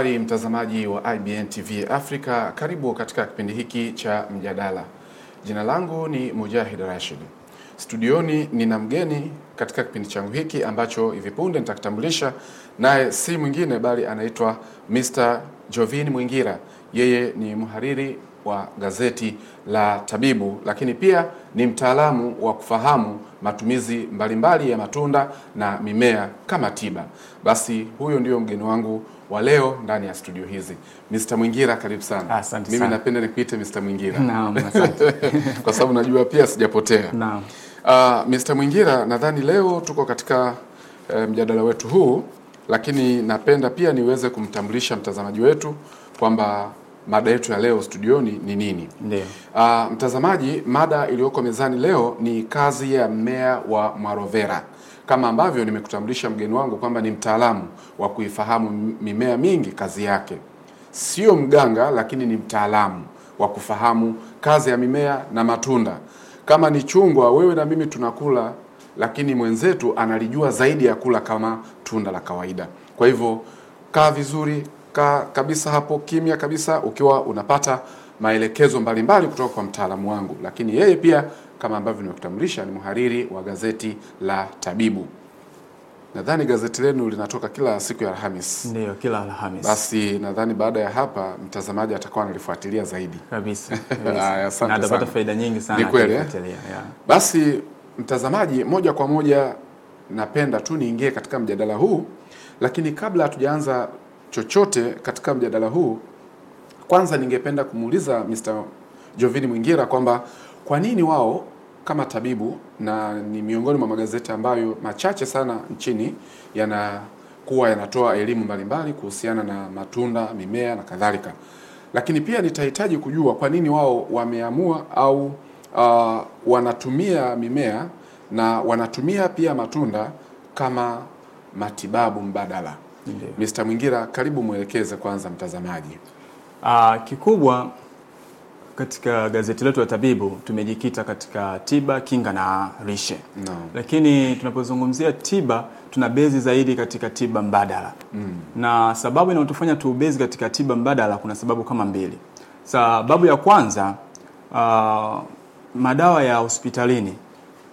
Habari mtazamaji wa IBN TV Africa, karibu katika kipindi hiki cha mjadala. Jina langu ni Mujahid Rashid. Studioni nina mgeni katika kipindi changu hiki ambacho hivi punde nitakitambulisha, naye si mwingine bali anaitwa Mr. Jovin Mwingira. Yeye ni mhariri wa gazeti la Tabibu, lakini pia ni mtaalamu wa kufahamu matumizi mbalimbali mbali ya matunda na mimea kama tiba. Basi huyo ndio mgeni wangu wa leo ndani ya studio hizi. Mr. Mwingira karibu sana. Ah, asante sana. Mimi napenda nikuite Mr. Mwingira. Naam, asante. Kwa sababu najua pia sijapotea. Naam. Uh, ah, Mr. Mwingira nadhani leo tuko katika uh, mjadala wetu huu lakini napenda pia niweze kumtambulisha mtazamaji wetu kwamba mada yetu ya leo studioni ni nini? Uh, mtazamaji, mada iliyoko mezani leo ni kazi ya mmea wa mwarovera kama ambavyo nimekutambulisha mgeni wangu kwamba ni mtaalamu wa kuifahamu mimea mingi kazi yake. Sio mganga, lakini ni mtaalamu wa kufahamu kazi ya mimea na matunda. Kama ni chungwa, wewe na mimi tunakula, lakini mwenzetu analijua zaidi ya kula kama tunda la kawaida. Kwa hivyo kaa vizuri, kaa kabisa hapo kimya kabisa, ukiwa unapata maelekezo mbalimbali kutoka kwa mtaalamu wangu, lakini yeye pia kama ambavyo nimekutambulisha, ni mhariri wa gazeti la Tabibu. Nadhani gazeti lenu linatoka kila siku ya Alhamis. Ndio, kila Alhamis. Basi nadhani baada ya hapa mtazamaji atakuwa analifuatilia zaidi kabisa. sana. Atapata faida nyingi sana akifuatilia. Eh? Yeah. Basi mtazamaji, moja kwa moja napenda tu niingie katika mjadala huu, lakini kabla hatujaanza chochote katika mjadala huu, kwanza ningependa kumuuliza Mr. Jovini Mwingira kwamba kwa nini wao kama tabibu na ni miongoni mwa magazeti ambayo machache sana nchini yanakuwa yanatoa elimu mbalimbali kuhusiana na matunda, mimea na kadhalika, lakini pia nitahitaji kujua kwa nini wao wameamua au uh, wanatumia mimea na wanatumia pia matunda kama matibabu mbadala. Ndiyo. Mr. Mwingira, karibu mwelekeze kwanza mtazamaji. Uh, kikubwa katika gazeti letu la Tabibu tumejikita katika tiba, kinga na lishe no. Lakini tunapozungumzia tiba tuna bezi zaidi katika tiba mbadala mm. Na sababu inayotufanya tubezi katika tiba mbadala kuna sababu kama mbili. Sababu ya kwanza uh, madawa ya hospitalini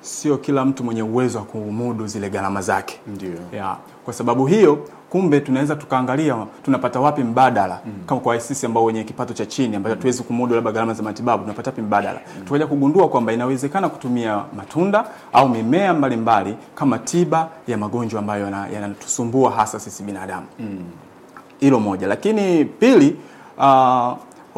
sio kila mtu mwenye uwezo wa kumudu zile gharama zake. Ndiyo. Yeah. Kwa sababu hiyo kumbe tunaweza tukaangalia tunapata wapi mbadala mm. kama kwa sisi ambao wenye kipato cha chini ambacho hatuwezi mm. kumudu labda gharama za matibabu tunapata wapi mbadala mm. tukaja kugundua kwamba inawezekana kutumia matunda au mimea mbalimbali mbali, kama tiba ya magonjwa ambayo yanatusumbua hasa sisi binadamu mm. hilo mm. moja lakini pili uh,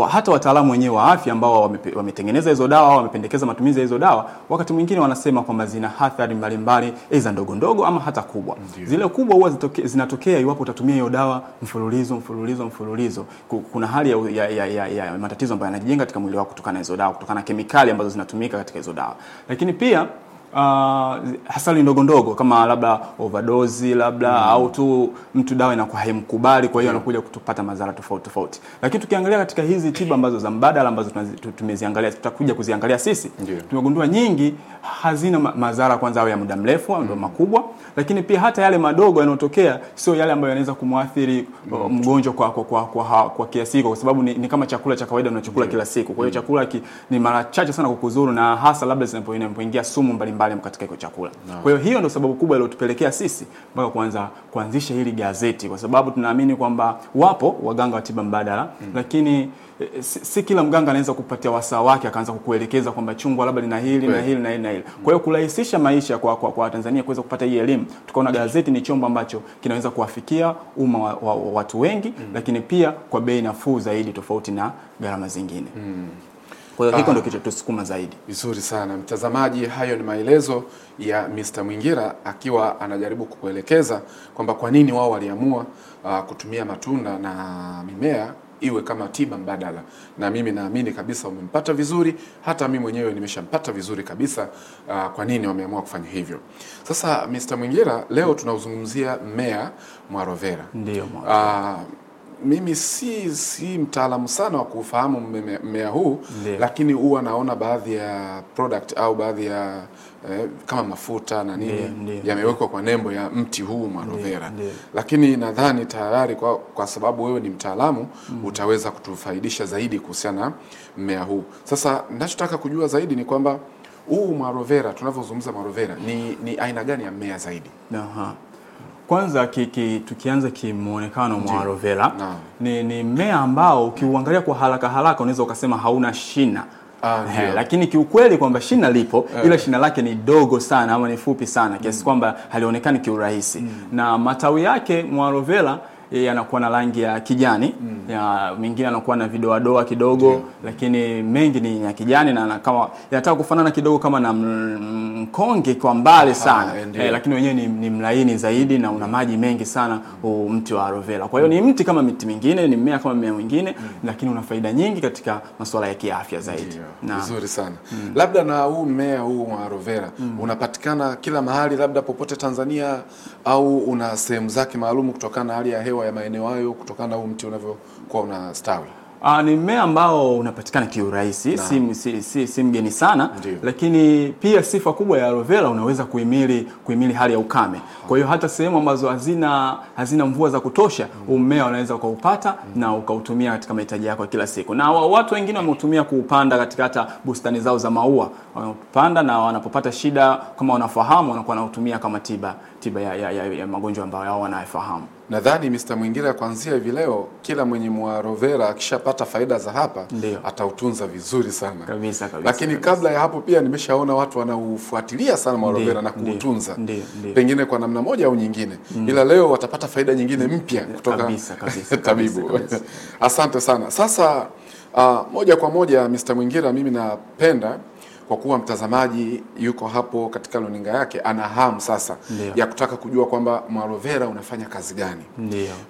hata wataalamu wenyewe wa afya ambao wametengeneza hizo dawa wamependekeza matumizi ya hizo dawa, wakati mwingine wanasema kwamba zina athari mbalimbali, aidha ndogo ndogo ama hata kubwa. Ndiyo. Zile kubwa huwa zinatokea iwapo utatumia hiyo dawa mfululizo mfululizo mfululizo. Kuna hali ya, ya, ya, ya, ya matatizo ambayo yanajijenga katika mwili wako kutokana na hizo dawa, kutokana na kemikali ambazo zinatumika katika hizo dawa, lakini pia uh, hasali ndogo ndogo kama labda overdose labda mm. au tu mtu dawa inakuwa haimkubali, kwa hiyo anakuja yeah. kutupata madhara tofauti tofauti. Lakini tukiangalia katika hizi tiba ambazo za mbadala ambazo tumeziangalia, tutakuja kuziangalia sisi yeah. tumegundua nyingi hazina madhara kwanza, au ya muda mrefu au mm. makubwa, lakini pia hata yale madogo yanayotokea sio yale ambayo yanaweza kumwathiri uh, mm. mgonjwa kwa kwa, kwa, kwa, kwa, kwa kiasi kwa sababu ni, ni kama chakula cha kawaida unachokula yeah. kila siku. Kwa hiyo mm. chakula ki, ni mara chache sana kukuzuru, na hasa labda zinapoingia sumu mbalimbali mbalimbali katika iko chakula no. Kwa hiyo hiyo ndio sababu kubwa iliyotupelekea sisi mpaka kuanza kuanzisha hili gazeti, kwa sababu tunaamini kwamba wapo waganga wa tiba mbadala mm. lakini eh, si, si kila mganga anaweza kupatia wasaa wake akaanza kukuelekeza kwamba chungwa labda lina hili na hili na hili na hili. Mm. Kwa hiyo kurahisisha maisha kwa kwa, kwa Tanzania kuweza kupata hii elimu, tukaona gazeti ni chombo ambacho kinaweza kuwafikia umma wa, wa, wa, watu wengi mm. lakini pia kwa bei nafuu zaidi tofauti na gharama zingine mm. Kwa hiyo hiko ah. ndio kilichotusukuma zaidi. Vizuri sana mtazamaji, hayo ni maelezo ya Mr. Mwingira akiwa anajaribu kukuelekeza kwamba kwa nini wao waliamua uh, kutumia matunda na mimea iwe kama tiba mbadala, na mimi naamini kabisa umempata vizuri. Hata mimi mwenyewe nimeshampata vizuri kabisa uh, kwa nini wameamua kufanya hivyo. Sasa Mr. Mwingira, leo tunauzungumzia mmea mwarovera, ndio uh, mimi si, si mtaalamu sana wa kuufahamu mmea huu yeah. Lakini huwa naona baadhi ya product au baadhi ya eh, kama mafuta na nini yeah, yeah, yamewekwa yeah. kwa nembo ya mti huu marovera yeah, yeah. Lakini nadhani tayari kwa, kwa sababu wewe ni mtaalamu mm. utaweza kutufaidisha zaidi kuhusiana na mmea huu. Sasa ninachotaka kujua zaidi ni kwamba huu marovera tunavyozungumza marovera ni, ni aina gani ya mmea zaidi? Aha. Kwanza ki, tukianza kimwonekano mwa aloe vera ni, ni mmea ambao ukiuangalia kwa haraka haraka unaweza ukasema hauna shina. Ah, He, eh, lakini kiukweli kwamba shina lipo yeah. Ila shina lake ni dogo sana ama ni fupi sana kiasi mm. kwamba halionekani kiurahisi mm. na matawi yake mwa aloe vera eh, yanakuwa na rangi ya kijani mm. ya mingine yanakuwa na vidoadoa kidogo yeah. Lakini mengi ni ya kijani na kama yanataka kufanana kidogo kama na mm, mkonge kwa mbali ah, sana ah, eh, lakini wenyewe ni, ni mlaini zaidi na una maji mengi sana huu mti wa aloe vera. Kwa hiyo ni mm. mti kama miti mingine, ni mmea kama mmea mwingine mm. lakini una faida nyingi katika masuala ya kiafya zaidi. Vizuri sana mm. labda na huu mmea huu wa aloe vera mm. unapatikana kila mahali labda popote Tanzania au una sehemu zake maalum kutokana na hali ya hewa ya maeneo hayo, kutokana na huu mti unavyokuwa unastawi? Aa, ah, ni mmea ambao unapatikana kiurahisi, si, si, si, si mgeni sana Ndiyo. Lakini pia sifa kubwa ya aloe vera unaweza kuhimili kuhimili hali ya ukame. Kwa hiyo hata sehemu ambazo hazina hazina mvua za kutosha mm. mmea unaweza ukaupata mm. na ukautumia katika mahitaji yako kila siku, na watu wengine wameutumia kuupanda katika hata bustani zao za maua, wanapanda na wanapopata shida, kama wanafahamu wanakuwa wanautumia kama tiba tiba ya, ya, ya, ya magonjwa ambayo wao wanayafahamu nadhani Mr. Mwingira kuanzia hivi leo kila mwenye mwarovera akishapata faida za hapa Leo. atautunza vizuri sana kabisa, kabisa, lakini kabisa. Kabla ya hapo pia nimeshaona watu wanaufuatilia sana mwarovera na kuutunza pengine kwa namna moja au nyingine mm. ila leo watapata faida nyingine mm. mpya kutoka kabisa, kabisa, tabibu kabisa, kabisa. Asante sana sasa, uh, moja kwa moja Mr. Mwingira, mimi napenda kwa kuwa mtazamaji yuko hapo katika luninga yake, ana hamu sasa Ndiyo. ya kutaka kujua kwamba mwarovera unafanya kazi gani.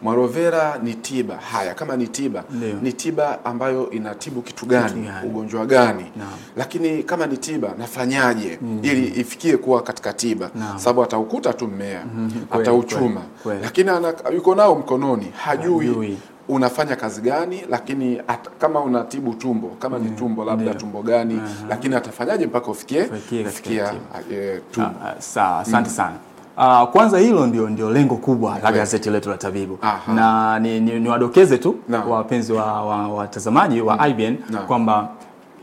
Mwarovera ni tiba. Haya, kama ni tiba, ni tiba ambayo inatibu kitu gani? Ndiyo. ugonjwa gani? Ndiyo. Lakini kama ni tiba nafanyaje mm-hmm. ili ifikie kuwa katika tiba, sababu ataukuta tu mmea, mm-hmm. atauchuma, lakini yuko nao mkononi, hajui Ndiyo unafanya kazi gani, lakini at, kama unatibu tumbo kama yeah, ni mm. tumbo labda yeah, tumbo gani uh -huh. Lakini atafanyaje mpaka ufikie kufikia ah, eh, tumbo ah, ah, sawa? Asante mm. sana. Uh, kwanza hilo ndio, ndio lengo kubwa yeah, la gazeti letu la Tabibu. Aha. Na niwadokeze ni, ni tu wapenzi wa watazamaji wa, wa, wa IBN kwamba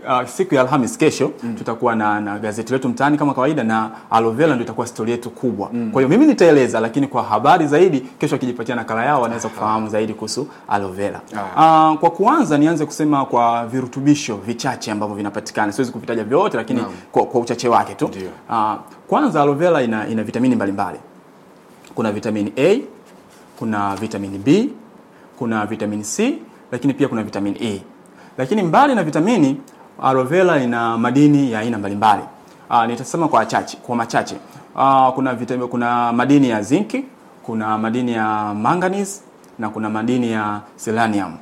uh, siku ya Alhamis kesho mm. tutakuwa na, na gazeti letu mtaani kama kawaida na Aloe Vera mm. ndio itakuwa stori yetu kubwa mm. kwa hiyo mimi nitaeleza, lakini kwa habari zaidi kesho akijipatia nakala yao wanaweza kufahamu zaidi kuhusu Aloe Vera. Uh, kwa kuanza nianze kusema kwa virutubisho vichache ambavyo vinapatikana, siwezi kuvitaja vyote, lakini no. kwa, kwa uchache wake tu uh, kwanza Aloe Vera ina, ina vitamini mbalimbali mbali. kuna vitamini A, kuna vitamini B, kuna vitamini C, lakini pia kuna vitamini E. Lakini mbali na vitamini, Aloe vera ina madini ya aina mbalimbali. Uh, nitasema kwa chache, kwa machache. Uh, kuna vitamini, kuna madini ya zinki, kuna madini ya manganese na kuna madini ya selenium.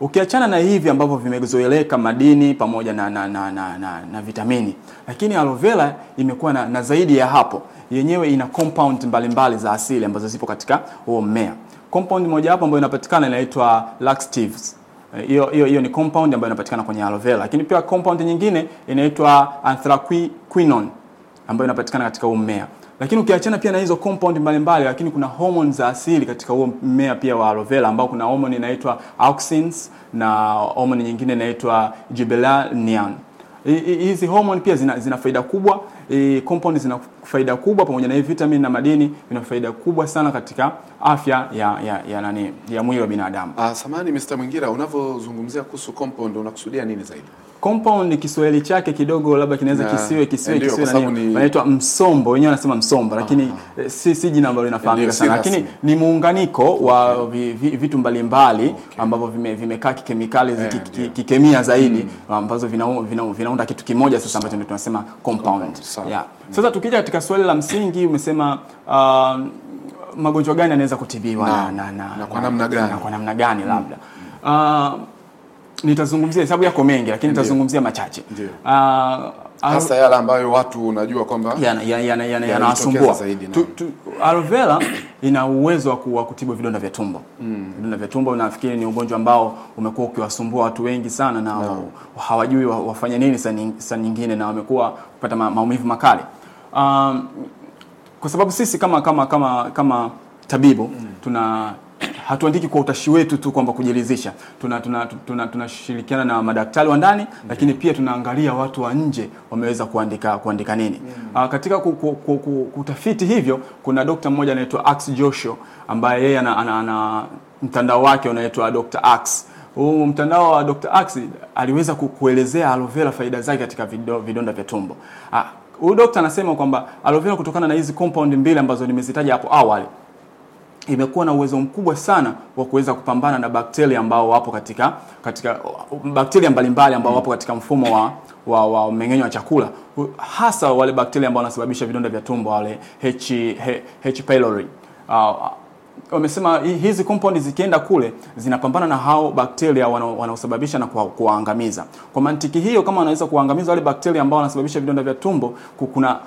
Ukiachana na hivi ambavyo vimezoeleka madini pamoja na, na, na, na, na, na vitamini, lakini aloe vera imekuwa na, na zaidi ya hapo. Yenyewe ina compound mbalimbali mbali za asili ambazo zipo katika huo mmea. Compound moja hapo ambayo inapatikana inaitwa laxatives Eh, hiyo hiyo hiyo ni compound ambayo inapatikana kwenye aloe vera, lakini pia compound nyingine inaitwa anthraquinone ambayo inapatikana katika huo mmea. Lakini ukiachana pia na hizo compound mbalimbali, lakini kuna hormones za asili katika huo mmea pia wa aloe vera, ambao kuna hormone inaitwa auxins na hormone nyingine inaitwa gibberellin hizi e, e, hormone pia zina, zina faida kubwa e, compound zina faida kubwa pamoja na hii vitamin na madini vina faida kubwa sana katika afya ya ya, ya, nani, ya mwili wa binadamu. Ah, samani Mr. Mwingira unavyozungumzia kuhusu compound unakusudia nini zaidi? compound Kiswahili chake kidogo labda kinaweza kisiwe eh, kisiwe kisiwe na nini, inaitwa ni... msombo, wenyewe anasema msombo, ah. lakini eh, si si jina ambalo linafahamika sana, lakini ni muunganiko wa vi, vi, vitu mbalimbali okay. ambavyo vimekaa kikemikali eh, yeah, kikemia zaidi mm. ambazo vinaunda vina, vina, vina kitu kimoja, sasa ambacho ndio tunasema compound. Yeah. Mm. Sasa tukija katika swali la msingi umesema uh, magonjwa gani yanaweza kutibiwa na kwa namna gani, mm. labda um, nitazungumzia hesabu yako mengi lakini nitazungumzia machache ah, hasa yale ambayo watu unajua kwamba yanawasumbua aloe ina uwezo wa kutibu vidonda vya tumbo mm. vidonda vya tumbo nafikiri ni ugonjwa ambao umekuwa ukiwasumbua watu wengi sana na no. hawajui wafanye nini sa nyingine na wamekuwa kupata ma, maumivu makali um, kwa sababu sisi kama kama kama kama tabibu mm. tuna hatuandiki kwa utashi wetu tu kwamba kujiridhisha, tunashirikiana tuna, tuna, tuna na madaktari wa ndani okay. Mm. Lakini pia tunaangalia watu wa nje wameweza kuandika kuandika nini mm. Uh, katika ku, ku, ku, ku, kutafiti hivyo kuna dokta mmoja anaitwa Ax Joshua ambaye yeye ana, ana, ana mtandao wake unaitwa Dr. Ax huu mtandao wa Dr. Ax aliweza kuelezea aloe vera faida zake katika vidonda vya tumbo. Ah, huyu dokta anasema kwamba aloe vera kutokana na hizi compound mbili ambazo nimezitaja hapo awali imekuwa na uwezo mkubwa sana wa kuweza kupambana na bakteria ambao wapo katika katika bakteria mbalimbali ambao wapo katika mfumo wa wa, wa mmeng'enyo wa chakula, hasa wale bakteria ambao wanasababisha vidonda vya tumbo wale H, H, H pylori. Uh, wamesema hizi compound zikienda kule zinapambana na hao bakteria wanaosababisha na kuwaangamiza. Kwa mantiki hiyo, kama wanaweza kuangamiza wale bakteria ambao wanasababisha vidonda vya tumbo, kuna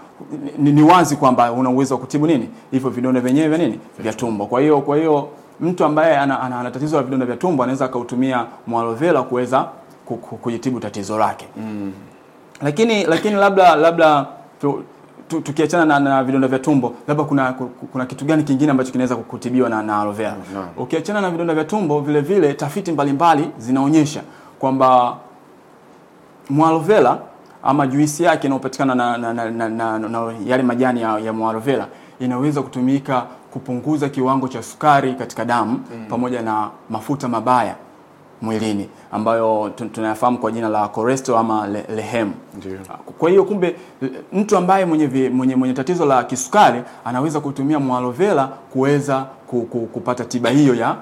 ni, ni wazi kwamba una uwezo wa kutibu nini hivyo vidonda vyenyewe vya nini vya tumbo. Kwa hiyo kwa hiyo mtu ambaye ana, ana, ana tatizo la vidonda vya tumbo anaweza akautumia mwalovela kuweza kujitibu tatizo lake mm. Lakini lakini labda labda tu, tukiachana na, na vidonda vya tumbo, labda kuna, kuna kitu gani kingine ambacho kinaweza kutibiwa na, na aloe vera? Ukiachana okay, na vidonda vya tumbo vile vile tafiti mbalimbali zinaonyesha kwamba mwalovela ama juisi yake inayopatikana na, na, na, na, na, na yale majani ya, ya mwalovela inaweza kutumika kupunguza kiwango cha sukari katika damu mm. pamoja na mafuta mabaya mwilini ambayo tunayafahamu kwa jina la koresto ama le, lehemu. Ah, kwa hiyo kumbe mtu ambaye mwenye, mwenye, mwenye tatizo la kisukari anaweza kutumia mwalovela kuweza kupata tiba hiyo ya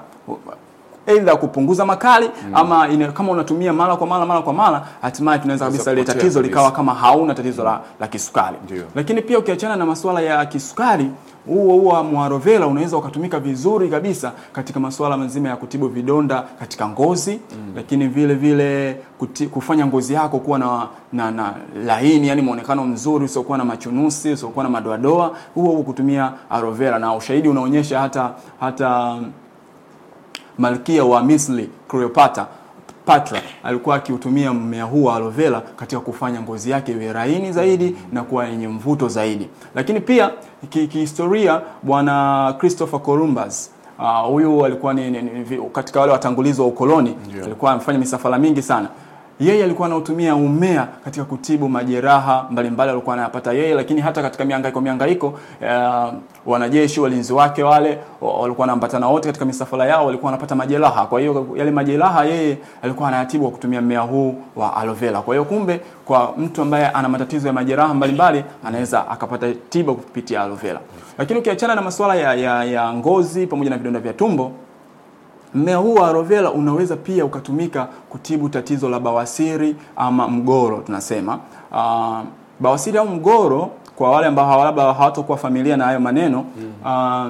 aidha kupunguza makali mm. ama ina, kama unatumia mara kwa mara mara kwa mara, hatimaye tunaweza kabisa ile tatizo likawa kama hauna tatizo la, mm. la kisukari. Ndiyo. Lakini pia ukiachana na masuala ya kisukari huo huo mwarovela unaweza ukatumika vizuri kabisa katika masuala mazima ya kutibu vidonda katika ngozi mm. Lakini vile vile kuti, kufanya ngozi yako kuwa na, na, na laini yani muonekano mzuri usiokuwa na machunusi usiokuwa na madoadoa, huo huo kutumia arovela, na ushahidi unaonyesha hata hata malkia wa Misri Cleopatra Patra alikuwa akiutumia mmea huu wa aloe vera katika kufanya ngozi yake iwe laini zaidi na kuwa yenye mvuto zaidi. Lakini pia kihistoria ki bwana Christopher Columbus ah, huyu uh, alikuwa ni, ni, ni, katika wale watangulizi wa ukoloni alikuwa amefanya misafara mingi sana. Yeye alikuwa anautumia umea katika kutibu majeraha mbalimbali alikuwa anayapata yeye, lakini hata katika mihangaiko mihangaiko, uh, wanajeshi walinzi wake wale walikuwa wanaambatana wote katika misafara yao, walikuwa wanapata majeraha. Kwa hiyo yale majeraha yeye alikuwa anayatibu kwa kutumia mmea huu wa aloe vera. Kwa hiyo kumbe, kwa mtu ambaye ana matatizo ya majeraha mbalimbali anaweza akapata tiba kupitia aloe vera. Lakini ukiachana na masuala ya, ya, ya ngozi pamoja na vidonda vya tumbo Mmea huu wa aloe vera unaweza pia ukatumika kutibu tatizo la bawasiri ama mgoro tunasema. Uh, bawasiri au mgoro kwa wale ambao labda hawatakuwa familia na hayo maneno Uh,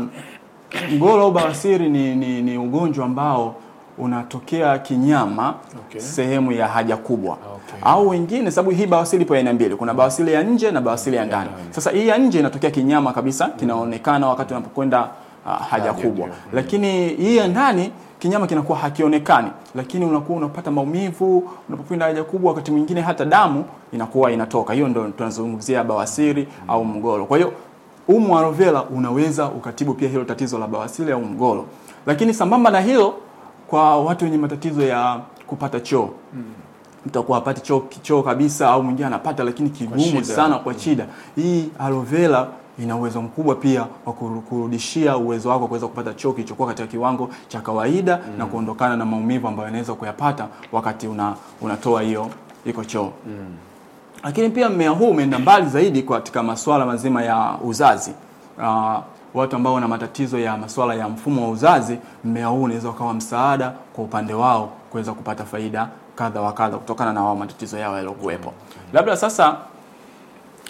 mgoro au bawasiri ni, ni, ni ugonjwa ambao unatokea kinyama okay. Sehemu ya haja kubwa okay. Au wengine sababu hii bawasiri ipo aina mbili, kuna bawasiri ya nje na bawasiri ya ndani. Mm. Sasa hii ya nje inatokea kinyama kabisa, mm. kinaonekana wakati unapokwenda uh, haja kubwa, lakini hii ya ndani kinyama kinakuwa hakionekani, lakini unakuwa unapata maumivu unapopinda haja kubwa, wakati mwingine hata damu inakuwa inatoka. Hiyo ndio tunazungumzia bawasiri mm. au mgolo. Kwa hiyo umu aloe vera unaweza ukatibu pia hilo tatizo la bawasiri au mgolo, lakini sambamba na hilo, kwa watu wenye matatizo ya kupata choo mm. Mtu hapati choo choo kabisa, au mwingine anapata lakini kigumu sana kwa shida, hmm. hii aloe vera ina uwezo mkubwa pia wa kurudishia uwezo wako kuweza kupata choo kilichokuwa katika kiwango cha kawaida mm. na kuondokana na maumivu ambayo yanaweza kuyapata wakati una, unatoa hiyo iko choo mm. Lakini pia mmea huu umeenda mbali zaidi katika masuala mazima ya uzazi. Uh, watu ambao wana matatizo ya masuala ya mfumo wa uzazi, mmea huu unaweza ukawa msaada kwa upande wao kuweza kupata faida kadha wa kadha kutokana na wao matatizo yao yaliokuwepo. Mm. Labda sasa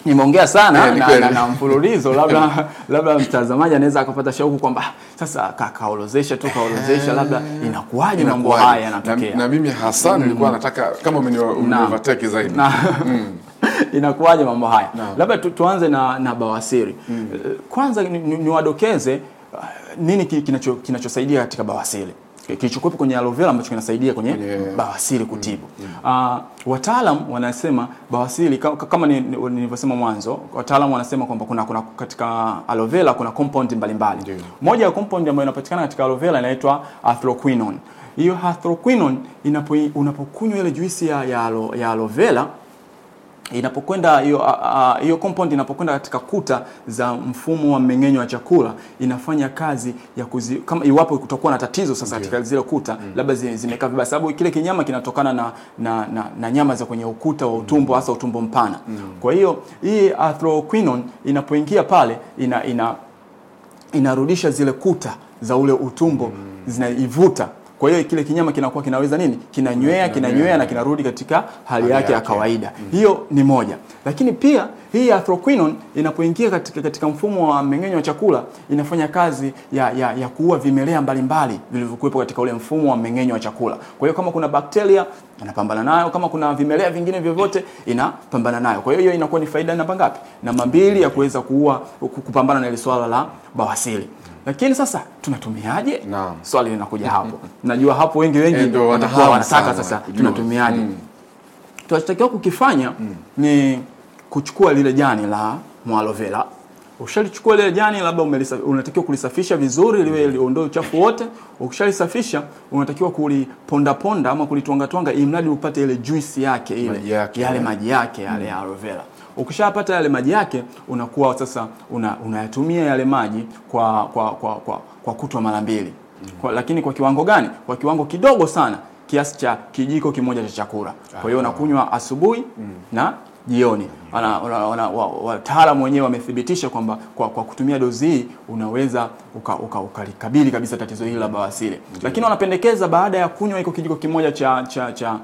nimeongea sana yeah, na, na, na mfululizo labda labda mtazamaji anaweza akapata shauku kwamba sasa kakaolozesha tu kaolozesha, labda inakuwaje mambo haya yanatokea, na, na mimi hasa nilikuwa mm. nataka kama umenivateke zaidi na, mm. inakuwaje mambo haya na. labda tu, tuanze na, na Bawasiri mm. Eh, kwanza niwadokeze ni, ni ah, nini kinachosaidia kinacho katika Bawasiri kilichokuwepo kwenye aloe vera ambacho kinasaidia kwenye yeah. bawasiri kutibu mm. -hmm. Uh, wataalam wanasema bawasiri kama nilivyosema ni, mwanzo wataalam wanasema kwamba kuna, kuna katika aloe vera kuna compound mbalimbali yeah. Moja ya compound ambayo inapatikana katika aloe vera inaitwa athroquinone. Hiyo athroquinone unapokunywa ile juisi ya, ya, aloe vera inapokwenda hiyo compound inapokwenda katika kuta za mfumo wa mmeng'enyo wa chakula inafanya kazi ya kuzi, kama iwapo kutakuwa na tatizo sasa katika yeah. zile kuta mm. labda zimekaa vibaya, sababu kile kinyama kinatokana na, na, na, na nyama za kwenye ukuta wa utumbo mm. hasa mm. utumbo mpana mm. kwa hiyo hii athroquinone inapoingia pale ina, ina inarudisha zile kuta za ule utumbo mm. zinaivuta kwa hiyo kile kinyama kinakuwa kinaweza nini, kinanywea kinanywea na kinarudi katika hali yake ya kawaida. Mm. Hiyo ni moja, lakini pia hii athroquinone inapoingia katika, katika mfumo wa mmeng'enyo wa chakula inafanya kazi ya, ya, ya kuua vimelea mbalimbali vilivyokuwepo katika ule mfumo wa mmeng'enyo wa chakula. Kwa hiyo kama kuna bakteria inapambana nayo, kama kuna vimelea vingine vyovyote inapambana nayo. Kwa hiyo hiyo inakuwa ni faida namba ngapi? Namba mbili ya kuweza kuua kupambana na ile swala la bawasili lakini sasa tunatumiaje? Naam. Swali linakuja hapo. Najua hapo wengi wengi eh, watakuwa wanataka sasa tunatumiaje? Mm. Tunachotakiwa kukifanya mm. ni kuchukua lile jani la aloe vera. Ushalichukua lile jani, labda unatakiwa kulisafisha vizuri liwe mm. liondoe uchafu wote. Ukishalisafisha unatakiwa kuliponda ponda ama kulitwanga twanga, ili mradi upate ile juisi yake ile, yale maji yake yale ya aloe vera. Ukishapata yale maji yake, unakuwa sasa una, unayatumia yale maji kwa, kwa, kwa, kwa, kwa kutwa mara mbili mm. kwa, lakini kwa kiwango gani? Kwa kiwango kidogo sana kiasi cha kijiko kimoja cha chakula. Kwa hiyo ah. unakunywa asubuhi mm. na jioni. Wataalamu wenyewe wamethibitisha kwamba kwa, kwa kutumia dozi hii unaweza ukalikabili uka, uka kabisa tatizo hili la bawasiri, lakini wanapendekeza baada ya kunywa iko kijiko kimoja cha, cha, cha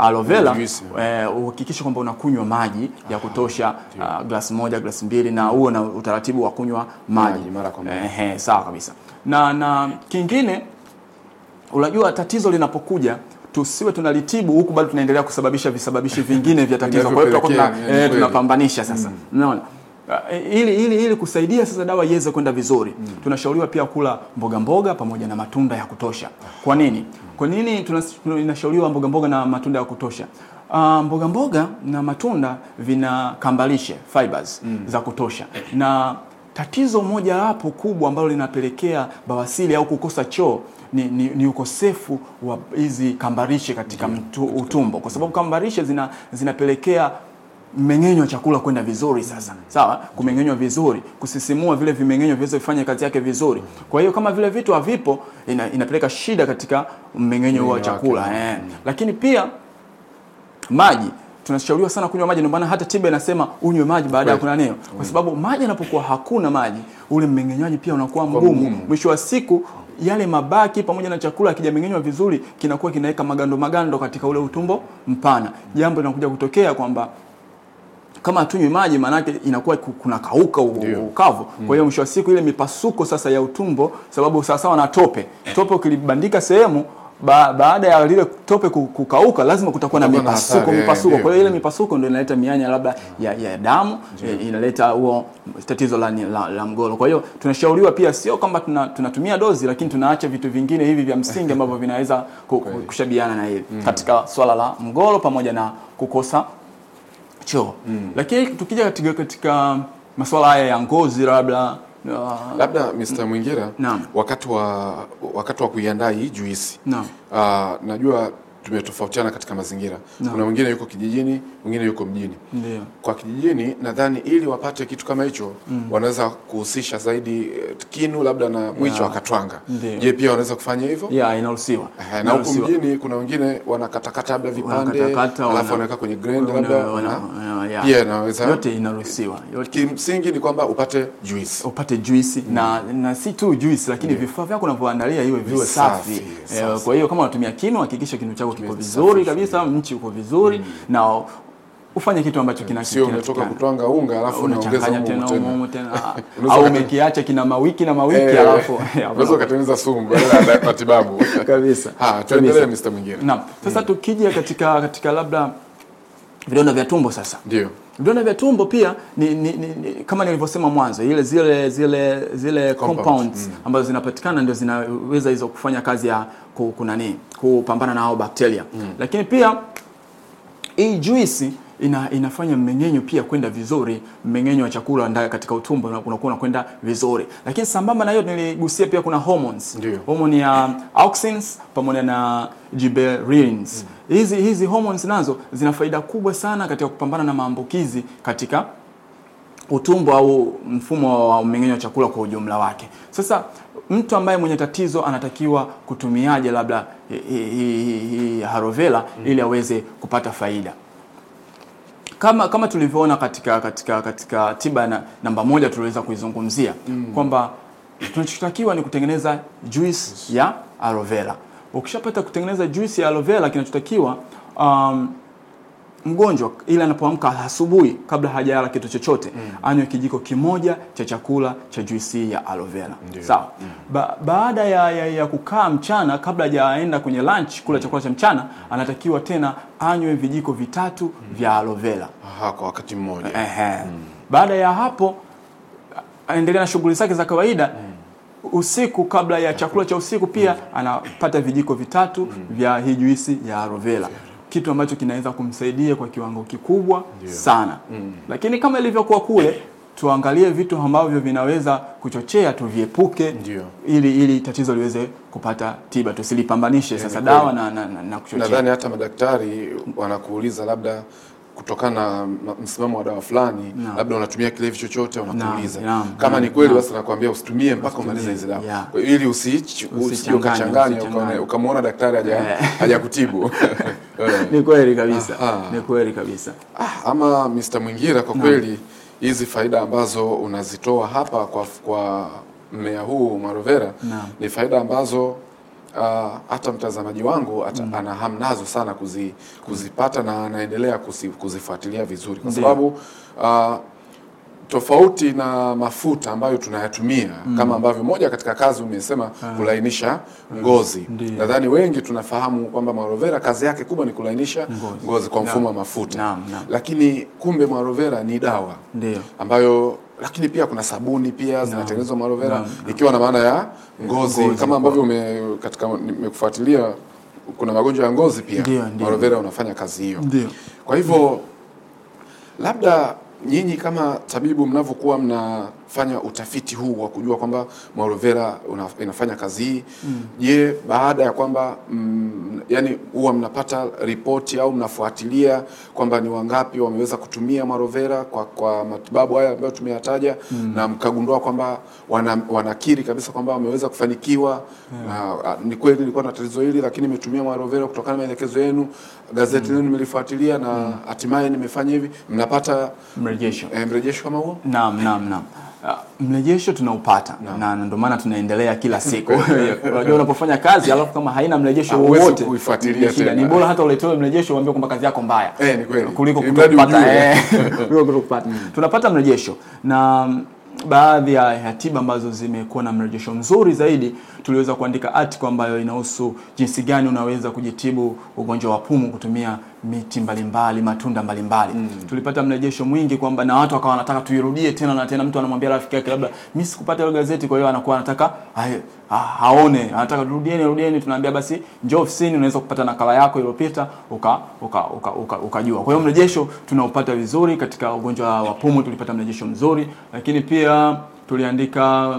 aloe vera eh, uhakikishe eh, kwamba unakunywa maji ya ah, kutosha uh, ah, glasi moja glasi mbili, na huo na utaratibu wa kunywa maji mara kwa mara eh, sawa kabisa na, na kingine unajua tatizo linapokuja tusiwe tunalitibu huku bado tunaendelea kusababisha visababishi vingine vya tatizo. Kwa hiyo eh, tunapambanisha mm. sasa, unaona mm. Uh, ili, ili, ili kusaidia sasa dawa iweze kwenda vizuri mm. Tunashauriwa pia kula mboga mboga pamoja na matunda ya kutosha. Kwa nini? Kwa nini tunashauriwa mboga mboga na matunda ya kutosha? Uh, mboga mboga na matunda vina kambalishe fibers mm. za kutosha na tatizo moja hapo kubwa ambalo linapelekea bawasili au kukosa choo ni, ni, ni ukosefu wa hizi kambarishe katika mtu, utumbo, kwa sababu kambarishi zina, zinapelekea mmeng'enyo wa chakula kwenda vizuri. Sasa mm-hmm. sawa, kumeng'enywa vizuri, kusisimua vile vimeng'enywa viweze kufanya kazi yake vizuri. Mm-hmm. Kwa hiyo kama vile vitu havipo, ina, inapeleka shida katika mmeng'enyo wa chakula eh. Mm-hmm. Lakini pia maji tunashauriwa sana kunywa maji, ndio maana hata tiba inasema unywe maji baada ya kula neno, kwa sababu maji yanapokuwa hakuna maji, ule mmeng'enyaji pia unakuwa mgumu, mwisho wa siku yale mabaki pamoja na chakula akijameng'enywa vizuri, kinakuwa kinaweka magando magando katika ule utumbo mpana, jambo linakuja kutokea kwamba kama tunywi maji maanake inakuwa kuna kauka ukavu. Kwa hiyo mm. mwisho wa siku ile mipasuko sasa ya utumbo, sababu sasa wana tope tope, ukilibandika sehemu ba, baada ya lile tope kukauka lazima kutakuwa na mipasuko mipasuko. Kwa hiyo ile mipasuko ndio inaleta mianya labda ya, ya damu e, inaleta huo tatizo la, la, la mgolo. Kwa hiyo tunashauriwa pia, sio kwamba tuna, tunatumia dozi, lakini tunaacha vitu vingine hivi vya msingi ambavyo vinaweza kushabiana na hivi mm. katika swala la mgolo pamoja na kukosa choo mm. Lakini tukija katika, katika masuala haya ya ngozi labda Uh, labda Mr. Mwingira wakati wa, wakati wa kuiandaa hii juisi na. Uh, ah, najua tumetofautiana katika mazingira no. Kuna mwingine yuko kijijini, mwingine yuko mjini Ndiyo. Kwa kijijini nadhani ili wapate kitu kama hicho mm. wanaweza kuhusisha zaidi eh, kinu labda na mwicho yeah. wakatwanga Je, pia wanaweza kufanya hivyo? Yeah, inaruhusiwa. Eh, na huko mjini kuna wengine wanakatakata labda vipande alafu wana... wanaweka kwenye grinder labda wana... wana... yeah. pia inaweza, yote inaruhusiwa yote. Kimsingi ni kwamba upate juisi, upate juisi mm. na, na si tu juisi lakini yeah. vifaa vyako unavyoandalia iwe viwe safi, safi. Eh, kwa hiyo kama unatumia kinu hakikisha kinu chako tuko vizuri kabisa, nchi uko vizuri mm. na ufanye kitu ambacho kina sio umetoka kutwanga unga alafu unaongeza tena umu tena au umekiacha kina mawiki na mawiki eh, alafu unaweza kutengeneza sumu badala ya matibabu kabisa. Ha, tuendelee Mr. mwingine. Naam. Sasa mm. tukija katika katika labda vidonda vya tumbo sasa. Ndio. Vidonda vya tumbo pia ni, ni, ni, ni kama nilivyosema mwanzo, ile zile zile zile compounds, mm. ambazo zinapatikana ndio zinaweza hizo kufanya kazi ya kunani kupambana na hao bakteria mm. lakini pia hii juisi ina, inafanya mmeng'enyo pia kwenda vizuri, mmeng'enyo wa chakula ndani katika utumbo unakuwa unakwenda vizuri. Lakini sambamba na hiyo, niligusia pia kuna hormones, Hormone ya auxins pamoja na gibberellins. Mm. Hizi hizi hormones nazo zina faida kubwa sana katika kupambana na maambukizi katika utumbo au mfumo wa mmeng'enyo wa chakula kwa ujumla wake. Sasa mtu ambaye mwenye tatizo anatakiwa kutumiaje labda hii eh, eh, eh, harovela mm, ili aweze kupata faida? Kama, kama tulivyoona katika, katika, katika tiba na, namba moja tuliweza kuizungumzia mm. kwamba tunachotakiwa ni kutengeneza juice ya aloe vera. Ukishapata kutengeneza juice ya aloe vera kinachotakiwa um, mgonjwa ili anapoamka asubuhi, kabla hajala kitu chochote mm. anywe kijiko kimoja cha chakula cha juisi ya aloe vera sawa. mm. ba baada ya, ya, ya kukaa mchana, kabla hajaenda kwenye lunch kula mm. chakula cha mchana, mm. anatakiwa tena anywe vijiko vitatu mm. vya aloe vera kwa wakati mmoja. Mm. baada ya hapo aendelea na shughuli zake za kawaida mm. Usiku kabla ya chakula cha usiku pia mm. anapata vijiko vitatu mm. vya hii juisi ya aloe vera kitu ambacho kinaweza kumsaidia kwa kiwango kikubwa yeah, sana mm. Lakini kama ilivyokuwa kule tuangalie vitu ambavyo vinaweza kuchochea tuviepuke, ili ili tatizo liweze kupata tiba, tusilipambanishe yeah, sasa dawa na, na, na, na kuchochea. Nadhani hata madaktari wanakuuliza labda kutokana na msimamo wa dawa fulani no. labda unatumia kilevi chochote, unakuuliza no. no. kama ni kweli basi no. nakwambia usitumie mpaka umalize hizo dawa yeah. ili usichanganye ukamwona daktari eh. hajakutibu. Ni kweli kabisa, ni kweli kabisa. Ah, ama Mr. Mwingira kwa kweli hizi faida ambazo unazitoa hapa kwa, kwa mmea huu Marovera ni faida ambazo uh, hata mtazamaji wangu ata, mm. ana hamnazo sana kuzi, kuzipata na anaendelea kuzifuatilia vizuri kwa sababu uh, tofauti na mafuta ambayo tunayatumia mm. kama ambavyo moja katika kazi umesema ah. kulainisha mm. ngozi. Nadhani wengi tunafahamu kwamba marovera kazi yake kubwa ni kulainisha ngozi, ngozi kwa mfumo wa mafuta na, na. Lakini kumbe marovera ni dawa Ndiyo. ambayo lakini pia kuna sabuni pia zinatengenezwa aloe ikiwa na maana ya ngozi, ngozi kama ambavyo ume, katika nimekufuatilia kuna magonjwa ya ngozi pia aloe unafanya kazi hiyo. Kwa hivyo labda nyinyi kama tabibu mnavyokuwa mna kufanya utafiti huu wa kujua kwamba Mauro Vera inafanya kazi hii mm. je? mm. baada ya kwamba mm, yani huwa mnapata ripoti au mnafuatilia kwamba ni wangapi wameweza kutumia Mauro Vera kwa, kwa matibabu haya ambayo tumeyataja mm. na mkagundua kwamba wana, wanakiri kabisa kwamba wameweza kufanikiwa yeah. na, ni kweli nilikuwa na tatizo hili lakini nimetumia Mauro Vera kutokana na maelekezo yenu, gazeti mm. lenu nimelifuatilia na mm. hatimaye mm. nimefanya hivi. Mnapata mrejesho eh, mrejesho kama huo? Naam, naam, naam. Uh, mrejesho tunaupata no. na ndio maana tunaendelea kila siku. Unajua unapofanya kazi alafu kama haina mrejesho wowote kuifuatilia tena, ni bora hata uletoe mrejesho uambie kwamba kazi yako mbaya eh, ni kweli, kuliko kutopata eh, kuliko kutopata. Mm. Tunapata mrejesho na mm, baadhi ya tiba ambazo zimekuwa na mrejesho mzuri zaidi, tuliweza kuandika article ambayo inahusu jinsi gani unaweza kujitibu ugonjwa wa pumu kutumia miti mbalimbali mbali, matunda mbalimbali mbali. mm. Tulipata mrejesho mwingi kwamba na watu wakawa wanataka tuirudie tena na tena. Mtu anamwambia rafiki yake, labda mimi sikupata ile gazeti, kwa hiyo anakuwa anataka haone, anataka rudieni, rudieni. Tunaambia basi njoo ofisini, unaweza kupata nakala yako iliyopita uka ukajua uka, uka, uka. Kwa hiyo mrejesho tunaupata vizuri. Katika ugonjwa wa pumu tulipata mrejesho mzuri, lakini pia tuliandika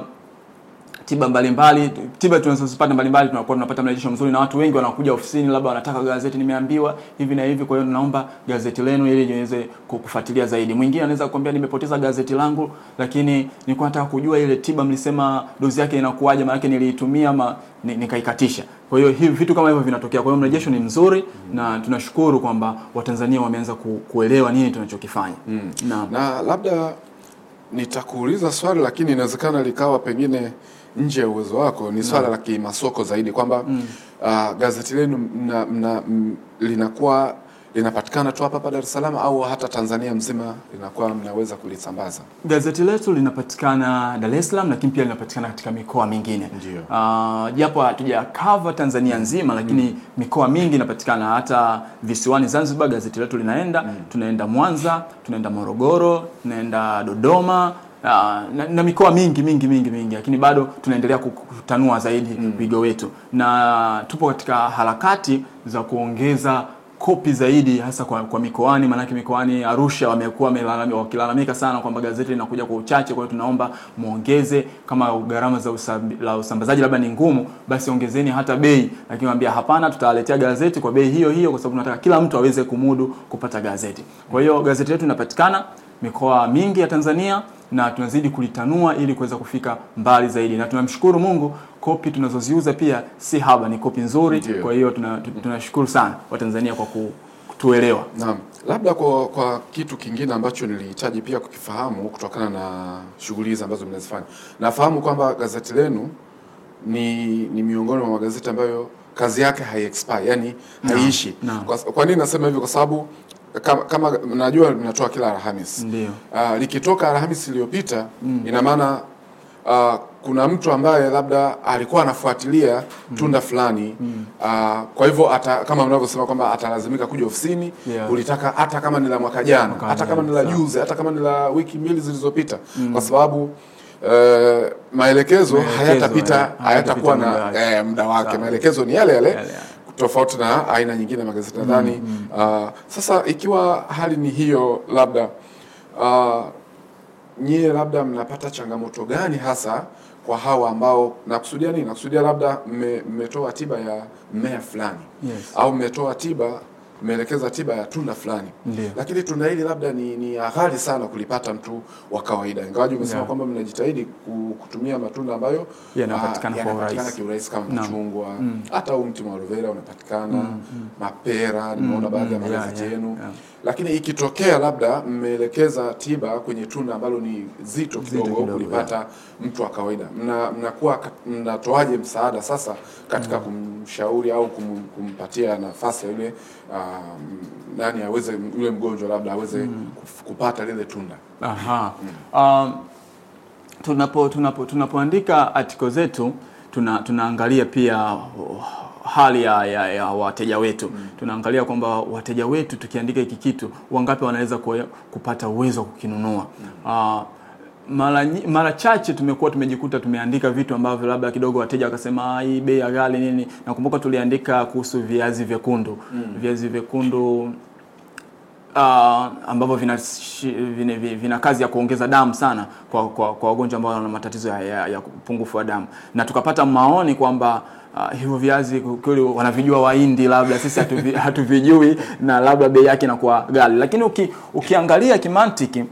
tiba mbalimbali mbali, tiba tunazozipata mbalimbali tunakuwa tunapata mrejesho mzuri, na watu wengi wanakuja ofisini, labda wanataka gazeti, nimeambiwa hivi na hivi, kwa hiyo naomba gazeti lenu ili niweze kufuatilia zaidi. Mwingine anaweza kukwambia nimepoteza gazeti langu, lakini nilikuwa nataka kujua ile tiba mlisema dozi yake inakuwaje, maana yake niliitumia ma nikaikatisha. ni Kwa hiyo hivi vitu kama hivyo vinatokea. Kwa hiyo mrejesho ni mzuri mm. na tunashukuru kwamba Watanzania wameanza ku, kuelewa nini tunachokifanya mm. na, na labda nitakuuliza swali lakini inawezekana likawa pengine nje ya uwezo wako ni swala mm. la kimasoko zaidi kwamba mm. uh, gazeti lenu linakuwa linapatikana tu hapa hapa Dar es Salaam au hata Tanzania mzima linakuwa mnaweza kulisambaza? Gazeti letu linapatikana Dar es Salaam, lakini pia linapatikana katika mikoa mingine uh, japo uh, hatuja cover Tanzania nzima mm. lakini mikoa mingi inapatikana, hata visiwani Zanzibar gazeti letu linaenda mm. tunaenda Mwanza, tunaenda Morogoro, tunaenda Dodoma Ah, na, na mikoa mingi mingi mingi mingi, lakini bado tunaendelea kutanua zaidi mm. wigo mm. wetu na tupo katika harakati za kuongeza kopi zaidi hasa kwa, kwa mikoani, maanake mikoani Arusha wamekuwa wakilalamika sana kwamba gazeti linakuja kwa uchache. Kwa hiyo tunaomba muongeze, kama gharama za usambi, la usambazaji labda ni ngumu, basi ongezeni hata bei, lakini waambia hapana, tutawaletea gazeti kwa bei hiyo hiyo, kwa sababu tunataka kila mtu aweze kumudu kupata gazeti. Kwa hiyo gazeti letu linapatikana mikoa mingi ya Tanzania na tunazidi kulitanua ili kuweza kufika mbali zaidi, na tunamshukuru Mungu, kopi tunazoziuza pia si haba, ni kopi nzuri. Kwa hiyo tunashukuru tuna sana Watanzania kwa kutuelewa. Naam, labda kwa, kwa kitu kingine ambacho nilihitaji pia kukifahamu kutokana na shughuli hizi ambazo mnazifanya, nafahamu kwamba gazeti lenu ni, ni miongoni mwa magazeti ambayo kazi yake haiexpire, yani no. haiishi no. Kwa, kwa nini nasema hivyo? Kwa sababu kama, kama najua mnatoa kila Alhamisi uh, ah, likitoka Alhamisi iliyopita mm. ina maana uh, kuna mtu ambaye labda alikuwa anafuatilia mm. tunda fulani mm. uh, kwa hivyo ata, kama mnavyosema kwamba atalazimika kuja ofisini yeah. ulitaka hata kama ni la mwaka jana hata kama ni la juzi hata kama ni la wiki mbili zilizopita mm. kwa sababu Eh, maelekezo eh, hayatapita hayatakuwa na muda wake. Eh, maelekezo ni yale yale, tofauti na aina nyingine ya magazeti nadhani. Uh, sasa ikiwa hali ni hiyo, labda uh, nyie labda mnapata changamoto gani hasa kwa hawa ambao nakusudia nini? Nakusudia labda mmetoa tiba ya mmea fulani yes, au mmetoa tiba umeelekeza tiba ya tunda fulani, lakini tunda hili labda ni, ni ghali sana kulipata mtu wa kawaida, ingawaji umesema yeah, kwamba mnajitahidi kutumia matunda ambayo yanapatikana ah, ya kiurahisi kama machungwa no. Mm. hata mm. huu mti wa aloe vera unapatikana mm. mm. mapera, nimeona mm. baadhi ya mm, magazi yenu yeah, yeah lakini ikitokea labda mmeelekeza tiba kwenye tunda ambalo ni zito kidogo kulipata mtu wa kawaida, mnakuwa mna mnatoaje msaada sasa katika mm. kumshauri au kum, kumpatia nafasi ya yule uh, nani aweze yule mgonjwa labda aweze mm. kupata lile tunda? Aha. Mm. Um, tunapo tunapo tunapoandika article zetu tuna, tunaangalia pia oh, hali ya, ya, ya wateja wetu mm. Tunaangalia kwamba wateja wetu tukiandika hiki kitu wangapi wanaweza kupata uwezo wa kukinunua mm. uh, mara mara chache tumekuwa tumejikuta tumeandika vitu ambavyo labda kidogo wateja wakasema ah, hii bei ya ghali nini. Nakumbuka tuliandika kuhusu viazi vyekundu mm. viazi vyekundu Uh, ambavyo vina, vina, vina kazi ya kuongeza damu sana kwa kwa, kwa wagonjwa ambao wana matatizo ya, ya, ya upungufu wa damu na tukapata maoni kwamba Ah, hivyo viazi kweli wanavijua Wahindi, labda sisi hatuvijui hatu na labda bei yake inakuwa ghali, lakini uki, ukiangalia kimantiki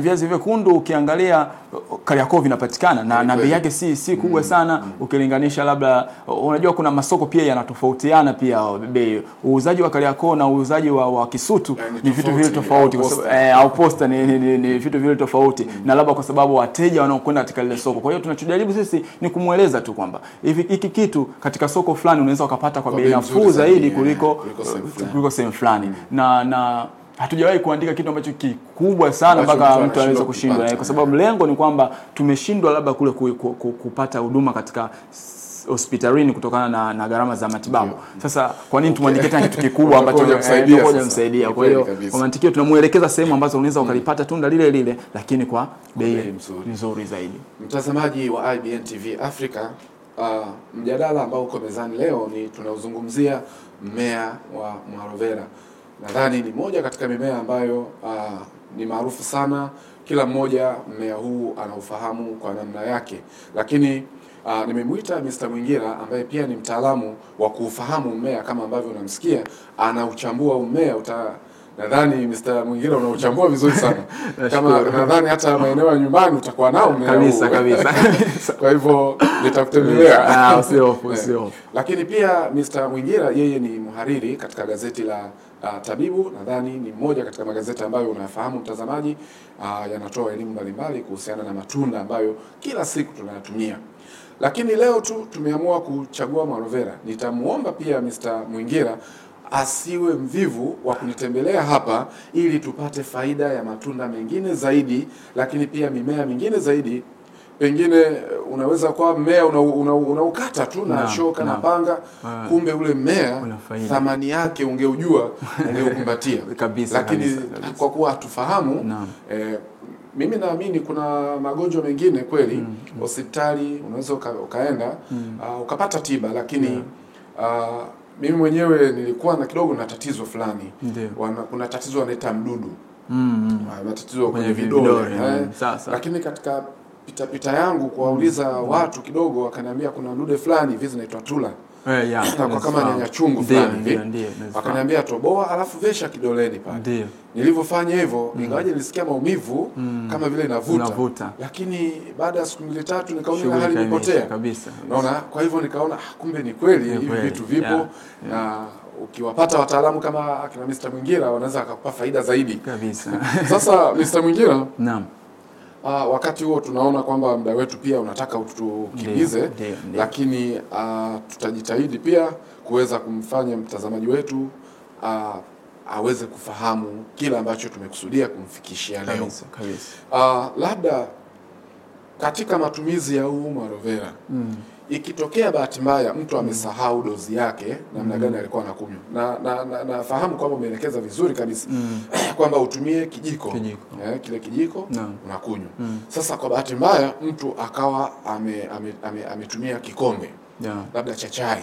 viazi vyekundu ukiangalia uh, Kariakoo vinapatikana na, na bei yake si si kubwa mm, sana mm. ukilinganisha labda, uh, unajua kuna masoko pia yanatofautiana pia uh, bei. Uuzaji wa Kariakoo na uuzaji wa, wa Kisutu yeah, ni vitu vile tofauti eh, au posta ni, ni, ni, ni vitu vile tofauti mm, na labda kwa sababu wateja wanaokwenda katika lile soko. Kwa hiyo tunachojaribu sisi ni kumweleza tu kwamba hiki kitu katika soko fulani unaweza ukapata kwa, kwa bei nafuu zaidi kuliko kuliko sehemu fulani mm. na na hatujawahi kuandika kitu ambacho kikubwa sana mpaka mtu anaweza kushindwa, kwa sababu lengo ni kwamba tumeshindwa labda kule ku, ku, ku, kupata huduma katika hospitalini kutokana na, na gharama za matibabu. Sasa kwa nini tumwandikie tena kitu kikubwa ambacho kitakuja msaidia? Eh, kwa hiyo kwa mantiki tunamuelekeza sehemu ambazo unaweza ukalipata tunda lile lile lakini kwa bei nzuri zaidi. Mtazamaji wa IBN TV Africa, uh, mjadala ambao uko mezani leo ni tunauzungumzia mmea wa mwarovera nadhani ni moja katika mimea ambayo uh, ni maarufu sana. Kila mmoja mmea huu anaufahamu kwa namna yake, lakini uh, nimemwita Mr. Mwingira ambaye pia ni mtaalamu wa kuufahamu mmea kama ambavyo unamsikia anauchambua mmea uta nadhani Mr. Mwingira unauchambua vizuri sana kama nadhani hata maeneo ya nyumbani utakuwa nao mmea kabisa kabisa. Kwa hivyo nitakutembelea. Ah, usihofu usihofu. Eh. Lakini pia Mr. Mwingira yeye ni mhariri katika gazeti la uh, Tabibu nadhani ni mmoja katika magazeti ambayo unafahamu mtazamaji, uh, yanatoa elimu mbalimbali kuhusiana na matunda ambayo kila siku tunayatumia, lakini leo tu tumeamua kuchagua marovera. Nitamuomba Nitamwomba pia Mr. Mwingira asiwe mvivu wa kunitembelea hapa ili tupate faida ya matunda mengine zaidi, lakini pia mimea mingine zaidi pengine eh, unaweza kuwa mmea unaukata una, una tu na shoka na panga, ah. kumbe ule mmea thamani yake ungeujua ungeukumbatia kabisa, lakini kabisa, kwa kuwa hatufahamu eh, mimi naamini kuna magonjwa mengine kweli hospitali mm, mm. unaweza uka, ukaenda mm. uh, ukapata tiba lakini yeah. uh, mimi mwenyewe nilikuwa na kidogo na tatizo fulani wana, kuna tatizo wanaita mdudu mm, mm. matatizo kwenye vidole, vidole eh. Mm, lakini katika pita pita yangu kuwauliza mm. watu kidogo, wakaniambia kuna nude fulani hivi zinaitwa tula yeah, yeah. kwa kama nyanya chungu fulani hivi, wakaniambia toboa, alafu vesha kidoleni pale. Nilivyofanya hivyo mm. ingawaje nilisikia maumivu mm. kama vile inavuta, inavuta. lakini baada ya siku mbili tatu nikaona hali imepotea kabisa, naona kwa hivyo nikaona ah, kumbe ni kweli hivi vitu vipo yeah. na ukiwapata wataalamu kama akina Mr. Mwingira wanaweza akakupa faida zaidi kabisa. Sasa Mr. Mwingira naam Uh, wakati huo tunaona kwamba muda wetu pia unataka utukimbize, lakini uh, tutajitahidi pia kuweza kumfanya mtazamaji wetu uh, aweze kufahamu kile ambacho tumekusudia kumfikishia leo. Uh, labda katika matumizi ya huu umarovera mm. Ikitokea bahati mbaya mtu amesahau dozi yake namna gani alikuwa anakunywa, na nafahamu na, na kwamba umeelekeza vizuri kabisa mm. kwamba utumie kijiko, kijiko. Yeah, kile kijiko no. unakunywa mm. Sasa kwa bahati mbaya mtu akawa ametumia ame, ame, ame kikombe yeah. labda cha chai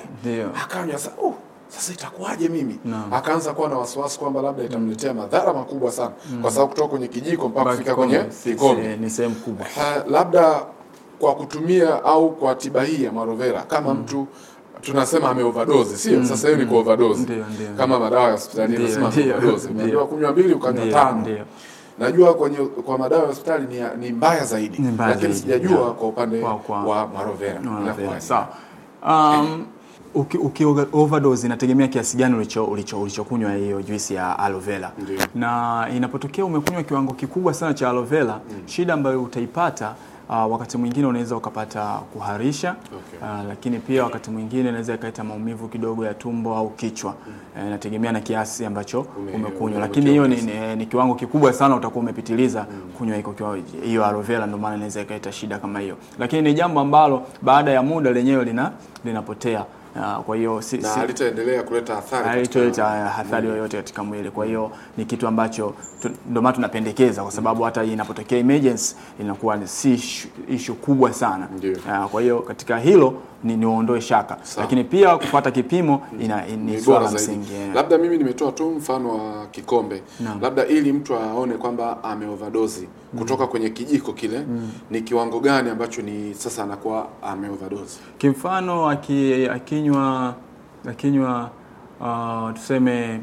akanywa sasa uh, sasa itakuwaje mimi no. Akaanza kuwa na wasiwasi kwamba labda itamletea madhara makubwa sana mm. kwa sababu kutoka kwenye kijiko mpaka kufika kwenye kikombe ni sehemu kubwa, eh, labda kwa kutumia au kwa tiba hii ya Marovera kama mm. mtu tunasema ame overdose sio? mm. Sasa hiyo ni kwa mm. overdose ndio, ndio. kama madawa ya hospitali nasema overdose, unajua kunywa mbili ukanywa tano ndio najua kwenye, kwa madawa ya hospitali ni, ni mbaya zaidi lakini sijajua kwa upande wa, kwa, wa Marovera sawa. Um, uki, uki overdose inategemea kiasi gani ulicho ulicho, ulicho hiyo juisi ya aloe vera na inapotokea umekunywa kiwango kikubwa sana cha aloe vera mm. shida ambayo utaipata Uh, wakati mwingine unaweza ukapata kuharisha okay. Uh, lakini pia wakati mwingine unaweza ikaleta maumivu kidogo ya tumbo au kichwa mm. Uh, eh, nategemea na kiasi ambacho umekunywa, lakini hiyo ni, ni, ni kiwango kikubwa sana utakuwa umepitiliza mm. kunywa hiyo aloe vera, ndio maana inaweza ikaleta shida kama hiyo, lakini ni jambo ambalo baada ya muda lenyewe lina linapotea. Ah, kwa hiyo si, halitaendelea kuleta athari, halitoleta athari mm. yoyote katika mwili. Kwa mm. hiyo ni kitu ambacho ndio maana tunapendekeza, kwa sababu hata inapotokea emergency inakuwa si ishu kubwa sana. Ah, kwa hiyo katika hilo ni niondoe shaka Sa. Lakini pia kupata kipimo mm. ina, ni swala msingi. Labda mimi nimetoa tu mfano wa kikombe no. Labda ili mtu aone kwamba ameoverdose kutoka mm. kwenye kijiko kile mm. ni kiwango gani ambacho ni sasa anakuwa overdose? Kimfano akinywa akinywa uh, tuseme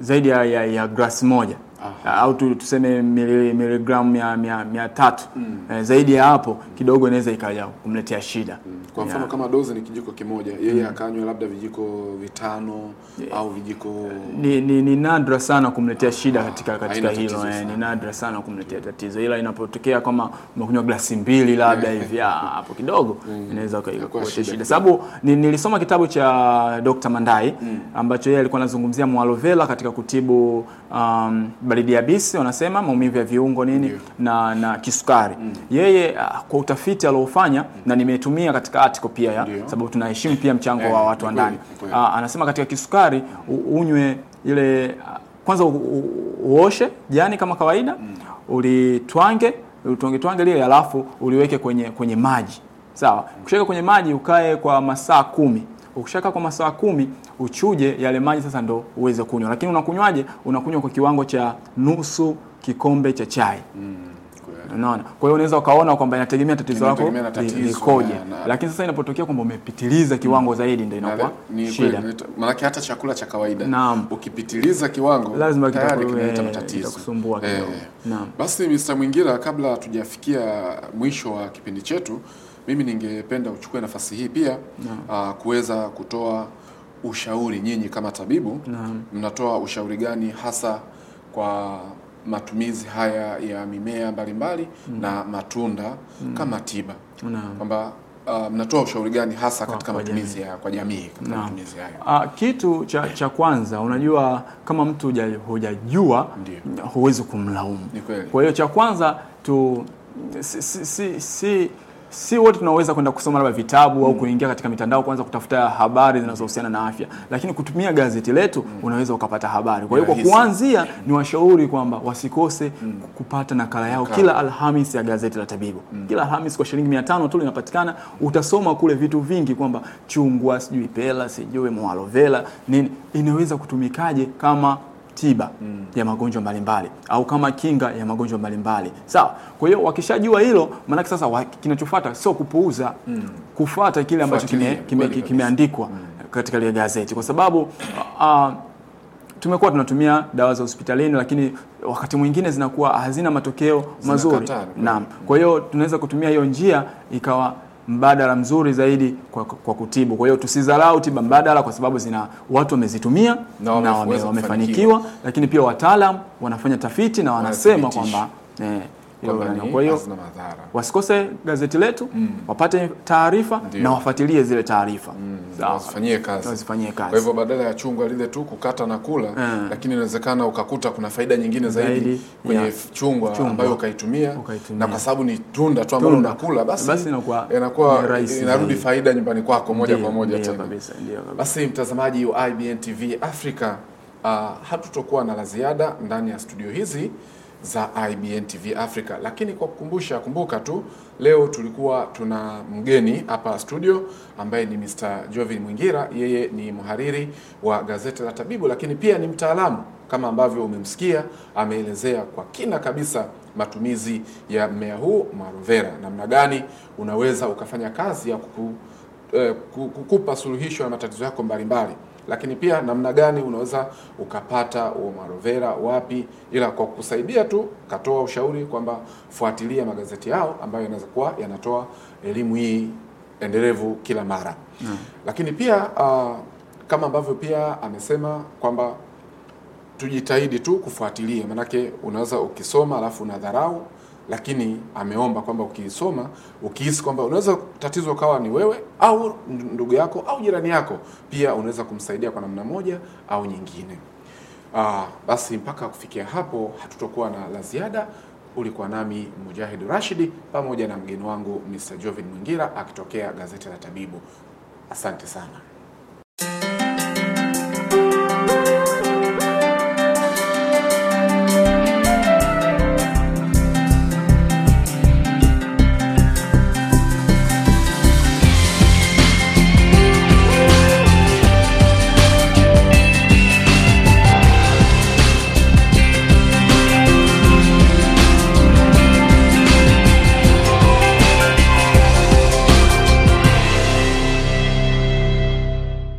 zaidi ya, ya, ya glasi moja Ah. au tuseme miligramu mia, mia, mia tatu mm. eh, zaidi ya hapo kidogo inaweza ikaja kumletea shida mm. Kwa mfano yeah. Kama dozi ni kijiko kimoja yeye mm. akanywa labda vijiko vitano yeah. au vijiko eh, ni, ni, ni nadra sana kumletea shida ah, katika, katika hilo eh, ni nadra sana kumletea tatizo, ila inapotokea kama umekunywa glasi mbili labda eh. hivi ah, hapo kidogo mm. inaweza kuleta shida, sababu nilisoma kitabu cha Dr. Mandai mm. ambacho yeye alikuwa anazungumzia mwalovela katika kutibu um, baridi bisi wanasema maumivu ya viungo nini na na kisukari mm. yeye uh, kwa utafiti aliofanya mm. na nimetumia katika article pia ya yeah. sababu tunaheshimu pia mchango yeah. wa eh, watu wa ndani uh, anasema katika kisukari unywe ile uh, kwanza uoshe jani kama kawaida mm. ulitwange ulitwange twange lile halafu uliweke kwenye kwenye maji sawa mm. kwenye maji ukae kwa masaa kumi ukishaka kwa masaa kumi uchuje yale maji sasa ndo uweze kunywa. Lakini unakunywaje? Unakunywa kwa kiwango cha nusu kikombe cha chai mm. Unaona, kwa hiyo unaweza ukaona kwamba inategemea tatizo lako likoje, lakini sasa inapotokea kwamba umepitiliza kiwango mm. zaidi ndio inakuwa shida. Maana hata chakula cha kawaida naam, ukipitiliza kiwango lazima kitaleta eh, matatizo, kusumbua eh. kidogo eh. Naam, basi Mr. Mwingira, kabla hatujafikia mwisho wa kipindi chetu, mimi ningependa uchukue nafasi hii pia ah, kuweza kutoa ushauri, nyinyi kama tabibu na, mnatoa ushauri gani hasa kwa matumizi haya ya mimea mbalimbali mm. na matunda mm. kama tiba kwamba uh, mnatoa ushauri gani hasa kwa, katika kwa matumizi ya, kwa jamii katika matumizi haya? Uh, kitu cha, cha kwanza unajua kama mtu hujajua huwezi kumlaumu. Kwa hiyo cha kwanza tu si, si, si, si si wote tunaweza kwenda kusoma labda vitabu mm. au kuingia katika mitandao kuanza kutafuta habari zinazohusiana na afya, lakini kutumia gazeti letu mm. unaweza ukapata habari. Kwa hiyo kwa kuanzia, mm. ni washauri kwamba wasikose mm. kupata nakala yao kila Alhamis ya gazeti la Tabibu mm. kila Alhamis kwa shilingi 500 tu linapatikana. Utasoma kule vitu vingi kwamba chungwa, sijui pela, sijui mwalovela nini inaweza kutumikaje kama tiba mm. ya magonjwa mbalimbali au kama kinga ya magonjwa mbalimbali sawa. Kwa hiyo wakishajua hilo, maanake sasa kinachofuata sio kupuuza mm. kufuata kile ambacho kimeandikwa kime, kime, kime mm. katika ile gazeti, kwa sababu uh, uh, tumekuwa tunatumia dawa za hospitalini lakini wakati mwingine zinakuwa hazina matokeo mazuri. Naam, mm. kwa hiyo tunaweza kutumia hiyo njia ikawa mbadala mzuri zaidi kwa, kwa kutibu. Kwa hiyo tusizalau tiba mbadala kwa sababu zina watu wamezitumia na, na wamefanikiwa, wame lakini pia wataalam wanafanya tafiti na wanasema kwamba eh, kwa hiyo wasikose gazeti letu mm. wapate taarifa na wafuatilie zile taarifa mm, wasifanyie kazi. Kwa hivyo badala ya chungwa lile tu kukata na kula mm. lakini inawezekana ukakuta kuna faida nyingine zaidi kwenye yeah. chungwa, chungwa ambayo ukaitumia, ukaitumia. na kwa sababu ni tunda tu ambalo unakula basi, basi inakuwa inarudi faida nyumbani kwako moja kwa moja tena. Basi mtazamaji wa IBN TV Africa, uh, hatutokuwa na la ziada ndani ya studio hizi za IBN TV Africa. Lakini kwa kukumbusha, kumbuka tu leo tulikuwa tuna mgeni hapa studio ambaye ni Mr. Jovin Mwingira. Yeye ni mhariri wa gazeti la Tabibu, lakini pia ni mtaalamu kama ambavyo umemsikia, ameelezea kwa kina kabisa matumizi ya mmea huu marovera namna gani unaweza ukafanya kazi ya kuku, eh, kukupa suluhisho ya matatizo yako mbalimbali lakini pia namna gani unaweza ukapata uoma marovera wapi, ila kwa kusaidia tu katoa ushauri kwamba fuatilia magazeti yao ambayo yanaweza kuwa yanatoa elimu hii endelevu kila mara mm. Lakini pia uh, kama ambavyo pia amesema kwamba tujitahidi tu kufuatilia, manake unaweza ukisoma alafu unadharau lakini ameomba kwamba ukiisoma ukihisi kwamba unaweza tatizo ukawa ni wewe au ndugu yako au jirani yako, pia unaweza kumsaidia kwa namna moja au nyingine. Ah, basi mpaka kufikia hapo hatutokuwa na la ziada. Ulikuwa nami Mujahid Rashidi pamoja na mgeni wangu Mr. Jovin Mwingira akitokea gazeti la Tabibu. Asante sana.